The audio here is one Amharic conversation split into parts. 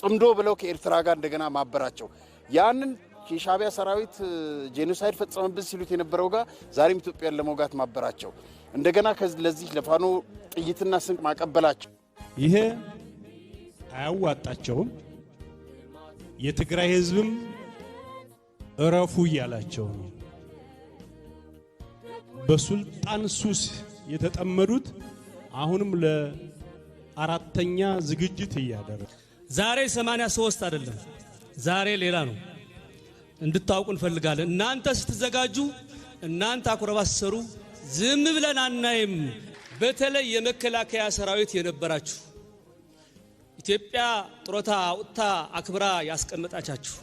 ጽምዶ ብለው ከኤርትራ ጋር እንደገና ማበራቸው ያንን የሻዕቢያ ሰራዊት ጄኖሳይድ ፈጸመብን ሲሉት የነበረው ጋር ዛሬም ኢትዮጵያን ለመውጋት ማበራቸው እንደገና ለዚህ ለፋኖ ጥይትና ስንቅ ማቀበላቸው ይሄ አያዋጣቸውም። የትግራይ ህዝብም እረፉ እያላቸው ነው። በሱልጣን ሱስ የተጠመዱት አሁንም ለአራተኛ ዝግጅት እያደረጉ ዛሬ 83 አይደለም፣ ዛሬ ሌላ ነው። እንድታውቁ እንፈልጋለን። እናንተ ስትዘጋጁ፣ እናንተ አኩረባሰሩ ዝም ብለን አናይም። በተለይ የመከላከያ ሰራዊት የነበራችሁ ኢትዮጵያ ጡረታ አውጥታ አክብራ ያስቀመጣቻችሁ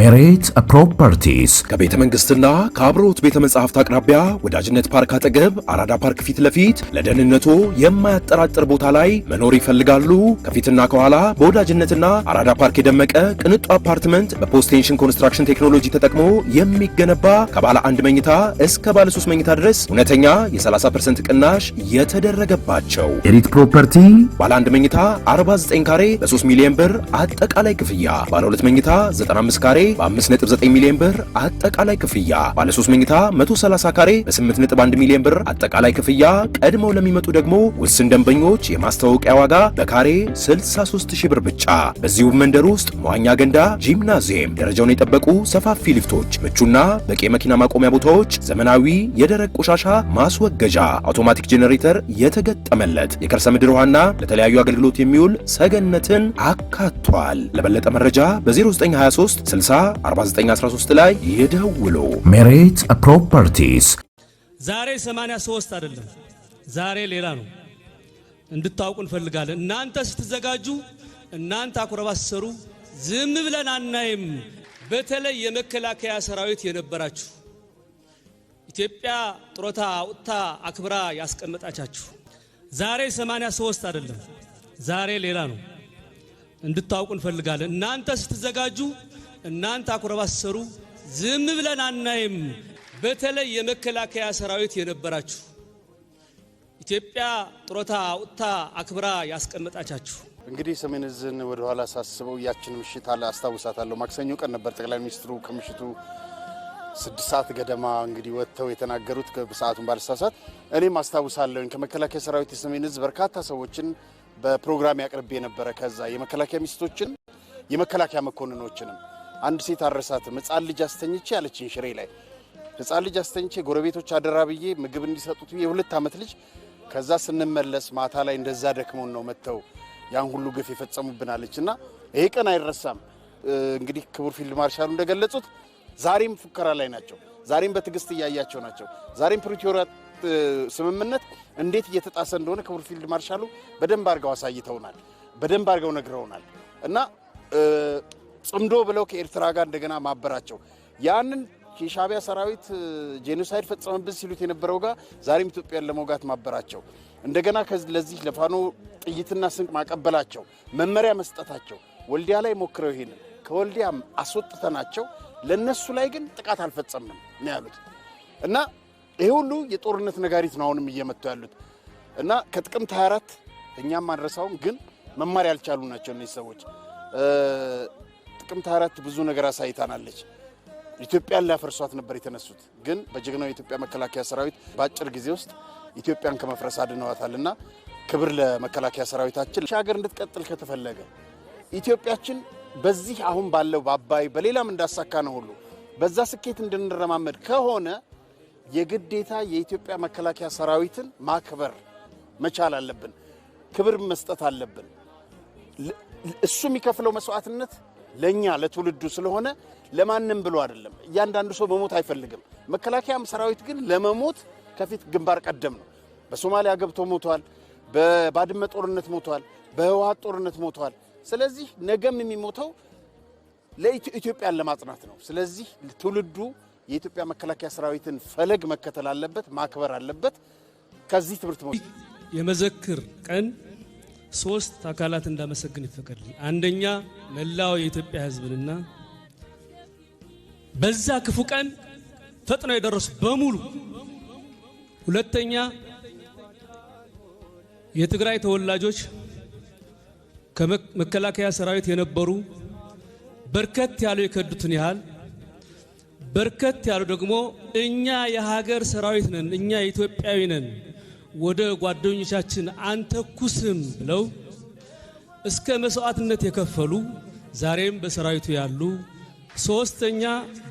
ሜሬት ፕሮፐርቲስ ከቤተ መንግስትና ከአብሮት ቤተ መጻሕፍት አቅራቢያ ወዳጅነት ፓርክ አጠገብ አራዳ ፓርክ ፊት ለፊት ለደህንነቱ የማያጠራጥር ቦታ ላይ መኖር ይፈልጋሉ? ከፊትና ከኋላ በወዳጅነትና አራዳ ፓርክ የደመቀ ቅንጡ አፓርትመንት በፖስቴንሽን ኮንስትራክሽን ቴክኖሎጂ ተጠቅሞ የሚገነባ ከባለ አንድ መኝታ እስከ ባለ ሶስት መኝታ ድረስ እውነተኛ የ30% ቅናሽ የተደረገባቸው ኤሪት ፕሮፐርቲ ባለ አንድ መኝታ 49 ካሬ በ3 ሚሊዮን ብር አጠቃላይ ክፍያ፣ ባለ ሁለት መኝታ 95 ካሬ በ5.9 ሚሊዮን ብር አጠቃላይ ክፍያ፣ ባለ 3 መኝታ 130 ካሬ በ8.1 ሚሊዮን ብር አጠቃላይ ክፍያ፣ ቀድመው ለሚመጡ ደግሞ ውስን ደንበኞች የማስታወቂያ ዋጋ በካሬ 63 ሺህ ብር ብቻ። በዚሁ መንደር ውስጥ መዋኛ ገንዳ፣ ጂምናዚየም፣ ደረጃውን የጠበቁ ሰፋፊ ሊፍቶች፣ ምቹና በቂ መኪና ማቆሚያ ቦታዎች፣ ዘመናዊ የደረቅ ቆሻሻ ማስወገጃ፣ አውቶማቲክ ጄኔሬተር የተገጠመለት የከርሰ ምድር ውሃና ለተለያዩ አገልግሎት የሚውል ሰገነትን አካቷል። ለበለጠ መረጃ በ0923 4913 ላይ ይደውሉ። ሜሪት ፕሮፐርቲስ። ዛሬ 83 አይደለም፣ ዛሬ ሌላ ነው። እንድታውቁ እንፈልጋለን። እናንተ ስትዘጋጁ፣ እናንተ አኩረባሰሩ ዝም ብለን አናይም። በተለይ የመከላከያ ሰራዊት የነበራችሁ ኢትዮጵያ ጡረታ አውጥታ አክብራ ያስቀመጣቻችሁ ዛሬ 83 አይደለም፣ ዛሬ ሌላ ነው። እንድታውቁ እንፈልጋለን። እናንተ ስትዘጋጁ እናንተ አኩረባሰሩ ዝም ብለን አናይም። በተለይ የመከላከያ ሰራዊት የነበራችሁ ኢትዮጵያ ጡረታ አውጥታ አክብራ ያስቀመጣቻችሁ እንግዲህ ሰሜን ዝን ወደ ኋላ ሳስበው ያችን ምሽት አለ አስታውሳታለሁ። ማክሰኞ ቀን ነበር ጠቅላይ ሚኒስትሩ ከምሽቱ ስድስት ሰዓት ገደማ እንግዲህ ወጥተው የተናገሩት ሰዓቱን ባልሳሳት፣ እኔም አስታውሳለሁኝ። ከመከላከያ ሰራዊት የሰሜን ዕዝ በርካታ ሰዎችን በፕሮግራም ያቅርብ የነበረ ከዛ የመከላከያ ሚኒስትሮችን የመከላከያ መኮንኖችንም አንድ ሴት አረሳትም። ህፃን ልጅ አስተኝቼ አለችኝ ሽሬ ላይ ህፃን ልጅ አስተኝቼ ጎረቤቶች አደራ ብዬ ምግብ እንዲሰጡት ብዬ የሁለት ዓመት ልጅ ከዛ ስንመለስ ማታ ላይ እንደዛ ደክመውን ነው መጥተው ያን ሁሉ ግፍ የፈጸሙብን አለች እና ይሄ ቀን አይረሳም። እንግዲህ ክቡር ፊልድ ማርሻሉ እንደገለጹት ዛሬም ፉከራ ላይ ናቸው። ዛሬም በትዕግስት እያያቸው ናቸው። ዛሬም ፕሪቶሪያ ስምምነት እንዴት እየተጣሰ እንደሆነ ክቡር ፊልድ ማርሻሉ በደንብ አድርገው አሳይተውናል። በደንብ አድርገው ነግረውናል እና ጽምዶ ብለው ከኤርትራ ጋር እንደገና ማበራቸው ያንን የሻዕቢያ ሰራዊት ጄኖሳይድ ፈጸመብን ሲሉት የነበረው ጋር ዛሬም ኢትዮጵያን ለመውጋት ማበራቸው እንደገና ለዚህ ለፋኖ ጥይትና ስንቅ ማቀበላቸው መመሪያ መስጠታቸው ወልዲያ ላይ ሞክረው ይሄን ከወልዲያም አስወጥተናቸው ለእነሱ ላይ ግን ጥቃት አልፈጸምንም ነው ያሉት እና ይሄ ሁሉ የጦርነት ነጋሪት ነው አሁንም እየመቱ ያሉት እና ከጥቅምት 24 እኛም አንረሳውም፣ ግን መማር ያልቻሉ ናቸው እነዚህ ሰዎች። ጥቅምት አራት ብዙ ነገር አሳይታናለች። ኢትዮጵያን ሊያፈርሷት ነበር የተነሱት፣ ግን በጀግናው የኢትዮጵያ መከላከያ ሰራዊት በአጭር ጊዜ ውስጥ ኢትዮጵያን ከመፍረስ አድነዋታልና ክብር ለመከላከያ ሰራዊታችን። ሀገር እንድትቀጥል ከተፈለገ ኢትዮጵያችን በዚህ አሁን ባለው በአባይ በሌላም እንዳሳካ ነው ሁሉ በዛ ስኬት እንድንረማመድ ከሆነ የግዴታ የኢትዮጵያ መከላከያ ሰራዊትን ማክበር መቻል አለብን። ክብር መስጠት አለብን። እሱ የሚከፍለው መስዋዕትነት ለእኛ ለትውልዱ ስለሆነ ለማንም ብሎ አይደለም። እያንዳንዱ ሰው መሞት አይፈልግም። መከላከያም ሰራዊት ግን ለመሞት ከፊት ግንባር ቀደም ነው። በሶማሊያ ገብቶ ሞቷል። በባድመ ጦርነት ሞቷል። በህወሓት ጦርነት ሞቷል። ስለዚህ ነገም የሚሞተው ለኢትዮጵያን ለማጽናት ነው። ስለዚህ ትውልዱ የኢትዮጵያ መከላከያ ሰራዊትን ፈለግ መከተል አለበት፣ ማክበር አለበት። ከዚህ ትምህርት የመዘክር ቀን ሶስት አካላት እንዳመሰግን ይፈቀድልኝ። አንደኛ መላው የኢትዮጵያ ሕዝብንና በዛ ክፉ ቀን ፈጥነው የደረሱ በሙሉ፣ ሁለተኛ የትግራይ ተወላጆች ከመከላከያ ሰራዊት የነበሩ በርከት ያሉ የከዱትን ያህል በርከት ያሉ ደግሞ እኛ የሀገር ሰራዊት ነን፣ እኛ ኢትዮጵያዊ ነን ወደ ጓደኞቻችን አንተኩስም ብለው እስከ መስዋዕትነት የከፈሉ ዛሬም በሰራዊቱ ያሉ፣ ሶስተኛ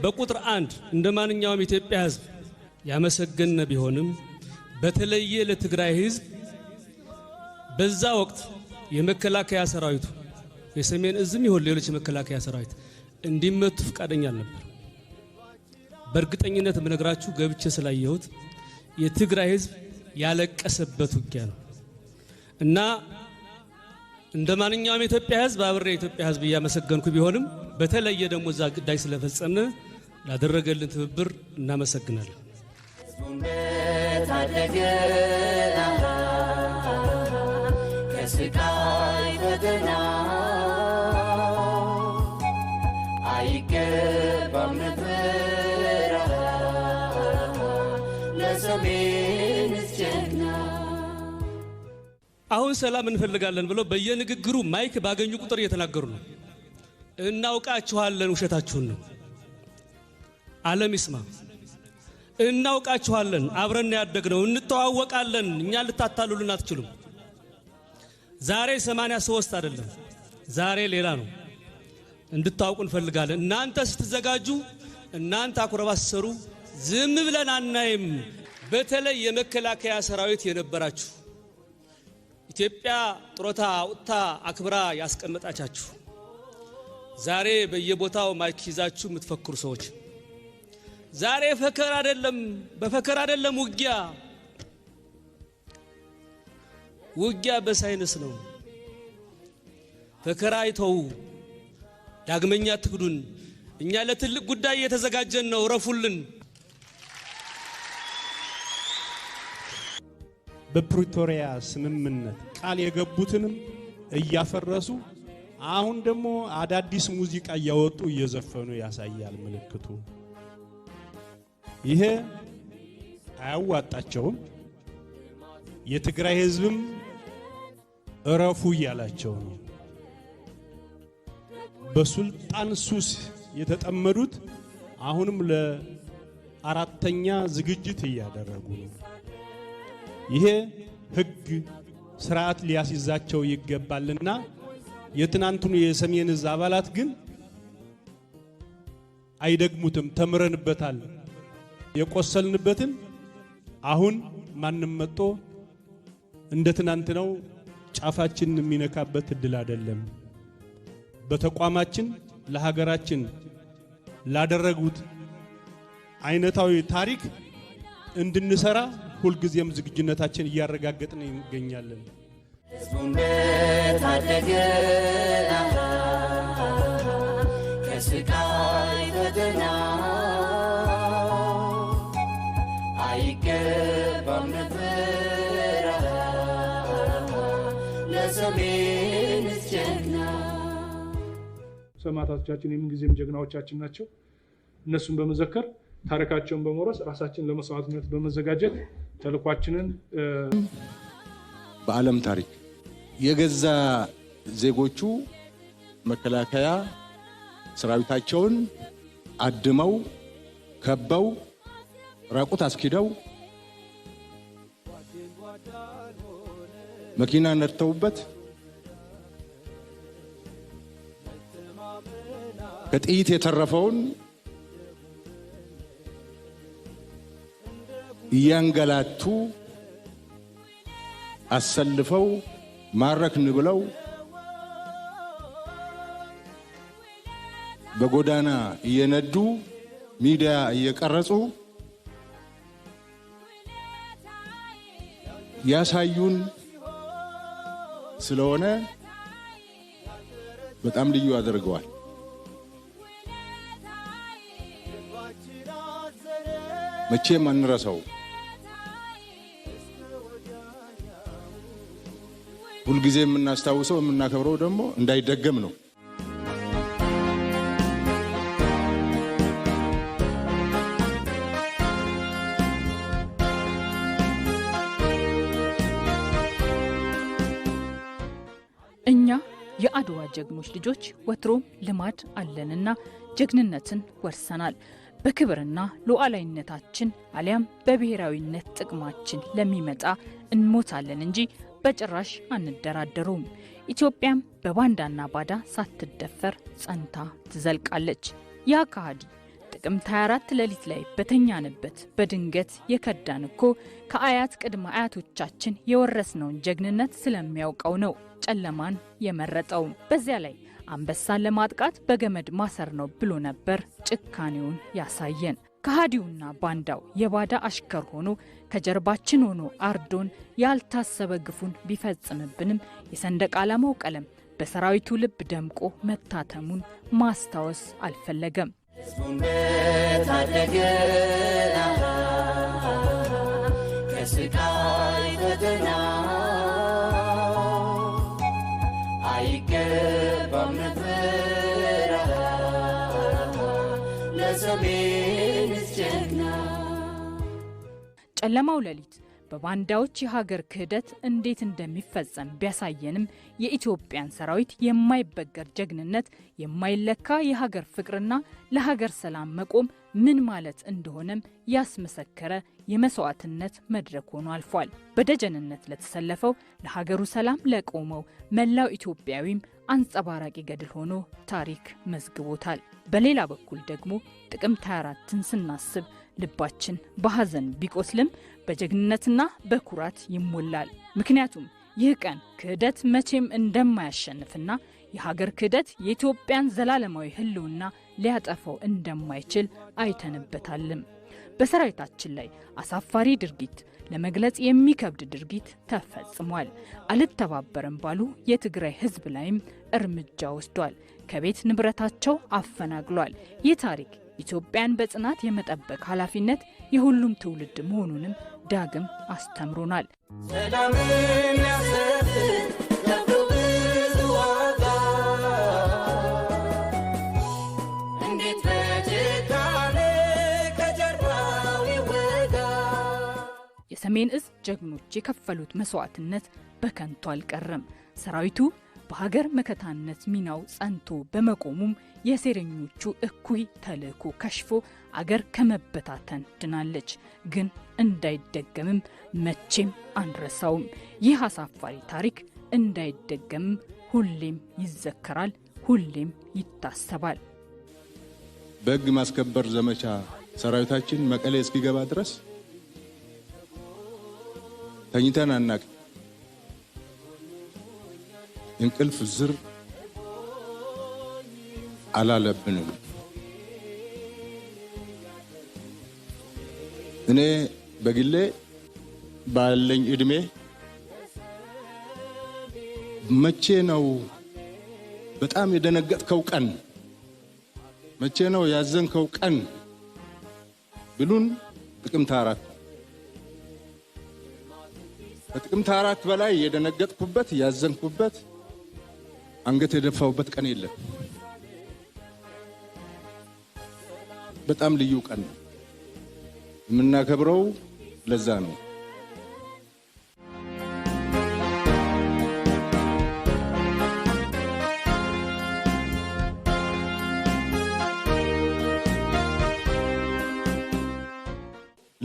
በቁጥር አንድ እንደ ማንኛውም ኢትዮጵያ ሕዝብ ያመሰገነ ቢሆንም በተለየ ለትግራይ ሕዝብ በዛ ወቅት የመከላከያ ሰራዊቱ የሰሜን እዝም ይሆን ሌሎች የመከላከያ ሰራዊት እንዲመቱ ፈቃደኛ አልነበር። በእርግጠኝነት የምነግራችሁ ገብቼ ስላየሁት የትግራይ ሕዝብ ያለቀሰበት ውጊያ ነው እና እንደ ማንኛውም የኢትዮጵያ ህዝብ አብሬ የኢትዮጵያ ህዝብ እያመሰገንኩ ቢሆንም በተለየ ደግሞ እዛ ግዳይ ስለፈጸመ ላደረገልን ትብብር እናመሰግናለን። ከስቃይ ፈተና አሁን ሰላም እንፈልጋለን ብለው በየንግግሩ ማይክ ባገኙ ቁጥር እየተናገሩ ነው። እናውቃችኋለን፣ ውሸታችሁን ነው። ዓለም ይስማ። እናውቃችኋለን፣ አብረን ያደግነው፣ እንተዋወቃለን። እኛ ልታታሉልን አትችሉም። ዛሬ ሰማንያ ሶስት አይደለም፣ ዛሬ ሌላ ነው። እንድታውቁ እንፈልጋለን። እናንተ ስትዘጋጁ፣ እናንተ አኩረባሰሩ ዝም ብለን አናይም። በተለይ የመከላከያ ሰራዊት የነበራችሁ ኢትዮጵያ ጥሮታ አውጥታ አክብራ ያስቀመጣቻችሁ ዛሬ በየቦታው ማይክ ይዛችሁ የምትፈክሩ ሰዎች ዛሬ ፈከር አይደለም፣ በፈከር አይደለም ውጊያ ውጊያ በሳይንስ ነው። ፈከራ አይተው ዳግመኛ ትግዱን። እኛ ለትልቅ ጉዳይ እየተዘጋጀን ነው። ረፉልን። በፕሪቶሪያ ስምምነት ቃል የገቡትንም እያፈረሱ አሁን ደግሞ አዳዲስ ሙዚቃ እያወጡ እየዘፈኑ ያሳያል ምልክቱ። ይሄ አያዋጣቸውም። የትግራይ ሕዝብም እረፉ እያላቸው ነው። በሱልጣን ሱስ የተጠመዱት አሁንም ለአራተኛ ዝግጅት እያደረጉ ነው። ይሄ ህግ ስርዓት ሊያስይዛቸው ይገባልና የትናንቱን የሰሜን እዝ አባላት ግን አይደግሙትም። ተምረንበታል። የቆሰልንበትን አሁን ማንም መጦ እንደ ትናንት ነው ጫፋችን የሚነካበት እድል አይደለም። በተቋማችን ለሀገራችን ላደረጉት አይነታዊ ታሪክ እንድንሰራ ሁልጊዜም ዝግጁነታችን እያረጋገጥን ይገኛለን። ህዝቡን በታደገ ከስቃይ ፈተና አይገባም ነበር ለሰሜን ጀግና። ሰማዕታቶቻችን የምንጊዜም ጀግናዎቻችን ናቸው። እነሱን በመዘከር ታሪካቸውን በመውረስ ራሳችን ለመስዋዕትነት በመዘጋጀት ተልኳችንን በዓለም ታሪክ የገዛ ዜጎቹ መከላከያ ሰራዊታቸውን አድመው ከበው ራቁት አስኪደው መኪና ነድተውበት ከጥይት የተረፈውን እያንገላቱ አሰልፈው ማረክን ብለው በጎዳና እየነዱ ሚዲያ እየቀረጹ ያሳዩን ስለሆነ በጣም ልዩ አድርገዋል። መቼም አንረሳው። ሁልጊዜ የምናስታውሰው የምናከብረው ደግሞ እንዳይደገም ነው። እኛ የአድዋ ጀግኖች ልጆች ወትሮም ልማድ አለንና ጀግንነትን ወርሰናል። በክብርና ሉዓላዊነታችን አሊያም በብሔራዊነት ጥቅማችን ለሚመጣ እንሞታለን እንጂ በጭራሽ አንደራደሩም። ኢትዮጵያም በባንዳና ባዳ ሳትደፈር ጸንታ ትዘልቃለች። ያ ከሃዲ ጥቅምት 24 ሌሊት ላይ በተኛንበት በድንገት የከዳን እኮ ከአያት ቅድመ አያቶቻችን የወረስነውን ጀግንነት ስለሚያውቀው ነው ጨለማን የመረጠው። በዚያ ላይ አንበሳን ለማጥቃት በገመድ ማሰር ነው ብሎ ነበር ጭካኔውን ያሳየን። ከሃዲውና ባንዳው የባዳ አሽከር ሆኖ ከጀርባችን ሆኖ አርዶን ያልታሰበ ግፉን ቢፈጽምብንም የሰንደቅ ዓላማው ቀለም በሰራዊቱ ልብ ደምቆ መታተሙን ማስታወስ አልፈለገም። ከስቃይ ፈተና ጨለማው ሌሊት በባንዳዎች የሀገር ክህደት እንዴት እንደሚፈጸም ቢያሳየንም የኢትዮጵያን ሰራዊት የማይበገር ጀግንነት፣ የማይለካ የሀገር ፍቅርና ለሀገር ሰላም መቆም ምን ማለት እንደሆነም ያስመሰከረ የመስዋዕትነት መድረክ ሆኖ አልፏል። በደጀንነት ለተሰለፈው ለሀገሩ ሰላም ለቆመው መላው ኢትዮጵያዊም አንጸባራቂ ገድል ሆኖ ታሪክ መዝግቦታል። በሌላ በኩል ደግሞ ጥቅምት 24ን ስናስብ ልባችን በሐዘን ቢቆስልም በጀግንነትና በኩራት ይሞላል። ምክንያቱም ይህ ቀን ክህደት መቼም እንደማያሸንፍና የሀገር ክህደት የኢትዮጵያን ዘላለማዊ ሕልውና ሊያጠፋው እንደማይችል አይተንበታልም። በሰራዊታችን ላይ አሳፋሪ ድርጊት ለመግለጽ የሚከብድ ድርጊት ተፈጽሟል። አልተባበርም ባሉ የትግራይ ሕዝብ ላይም እርምጃ ወስዷል። ከቤት ንብረታቸው አፈናቅሏል። ይህ ታሪክ ኢትዮጵያን በጽናት የመጠበቅ ኃላፊነት የሁሉም ትውልድ መሆኑንም ዳግም አስተምሮናል። የሰሜን እዝ ጀግኖች የከፈሉት መስዋዕትነት በከንቱ አልቀረም። ሰራዊቱ በሀገር መከታነት ሚናው ጸንቶ በመቆሙም የሴረኞቹ እኩይ ተልእኮ ከሽፎ አገር ከመበታተን ድናለች። ግን እንዳይደገምም መቼም አንረሳውም። ይህ አሳፋሪ ታሪክ እንዳይደገምም ሁሌም ይዘከራል፣ ሁሌም ይታሰባል። በሕግ ማስከበር ዘመቻ ሰራዊታችን መቀሌ እስኪገባ ድረስ ተኝተን አናቅ እንቅልፍ ዝር አላለብንም። እኔ በግሌ ባለኝ እድሜ መቼ ነው በጣም የደነገጥከው ቀን? መቼ ነው ያዘንከው ቀን ብሉን ጥቅምት አራት ከጥቅምት አራት በላይ የደነገጥኩበት ያዘንኩበት አንገት የደፋውበት ቀን የለም። በጣም ልዩ ቀን ነው የምናከብረው። ለዛ ነው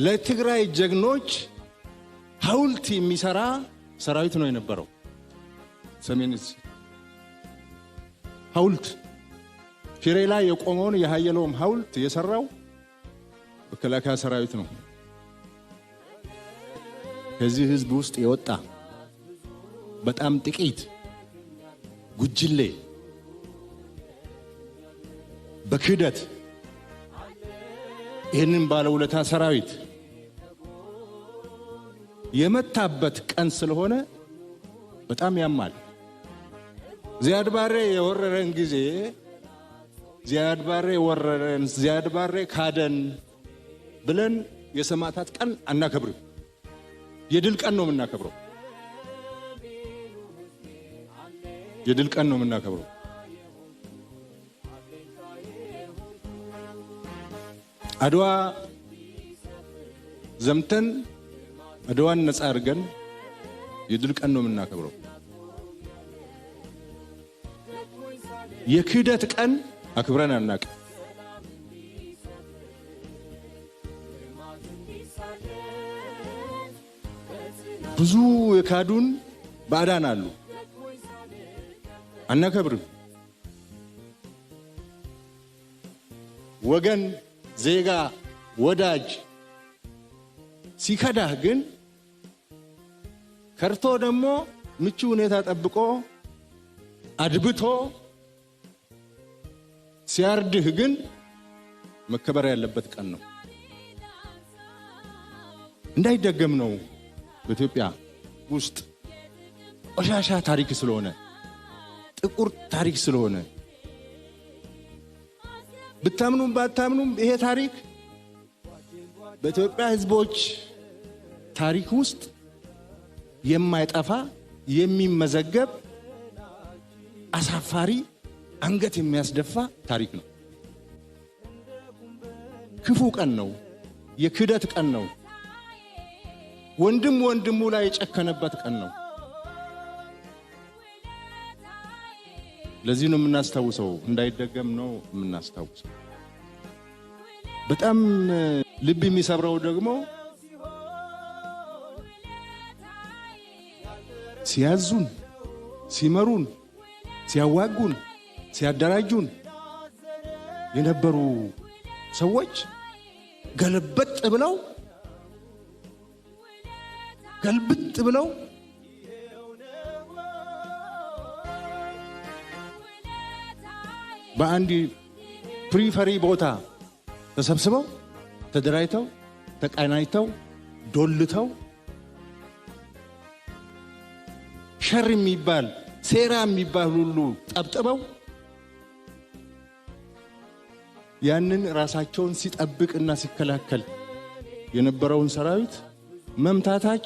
ለትግራይ ጀግኖች ሐውልት የሚሰራ ሰራዊት ነው የነበረው ሰሜን ሐውልት ፊሬ ላይ የቆመውን የሀየለውም ሐውልት የሰራው መከላከያ ሰራዊት ነው። ከዚህ ህዝብ ውስጥ የወጣ በጣም ጥቂት ጉጅሌ በክህደት ይህንን ባለውለታ ሰራዊት የመታበት ቀን ስለሆነ በጣም ያማል። ዚያድ ባሬ የወረረን ጊዜ ዚያድ ባሬ ወረረን፣ ዚያድ ባሬ ካደን ብለን የሰማዕታት ቀን አናከብርም። የድል ቀን ነው የምናከብረው። የድል ቀን ነው የምናከብረው። አድዋ ዘምተን አድዋን ነፃ አድርገን የድል ቀን ነው የምናከብረው። የክህደት ቀን አክብረን አናቅ። ብዙ የካዱን ባዕዳን አሉ፣ አናከብርም። ወገን፣ ዜጋ፣ ወዳጅ ሲከዳህ ግን ከርቶ ደግሞ ምቹ ሁኔታ ጠብቆ አድብቶ ሲያርድህ ግን መከበር ያለበት ቀን ነው። እንዳይደገም ነው በኢትዮጵያ ውስጥ ቆሻሻ ታሪክ ስለሆነ ጥቁር ታሪክ ስለሆነ ብታምኑም ባታምኑም ይሄ ታሪክ በኢትዮጵያ ህዝቦች ታሪክ ውስጥ የማይጠፋ የሚመዘገብ አሳፋሪ አንገት የሚያስደፋ ታሪክ ነው። ክፉ ቀን ነው። የክደት ቀን ነው። ወንድም ወንድሙ ላይ የጨከነበት ቀን ነው። ለዚህ ነው የምናስታውሰው፣ እንዳይደገም ነው የምናስታውሰው። በጣም ልብ የሚሰብረው ደግሞ ሲያዙን፣ ሲመሩን፣ ሲያዋጉን ሲያደራጁን የነበሩ ሰዎች ገልበጥ ብለው ገልብጥ ብለው በአንድ ፕሪፈሪ ቦታ ተሰብስበው ተደራጅተው ተቀናጅተው ዶልተው ሸር የሚባል ሴራ የሚባል ሁሉ ጠብጥበው ያንን ራሳቸውን ሲጠብቅና ሲከላከል የነበረውን ሰራዊት መምታታ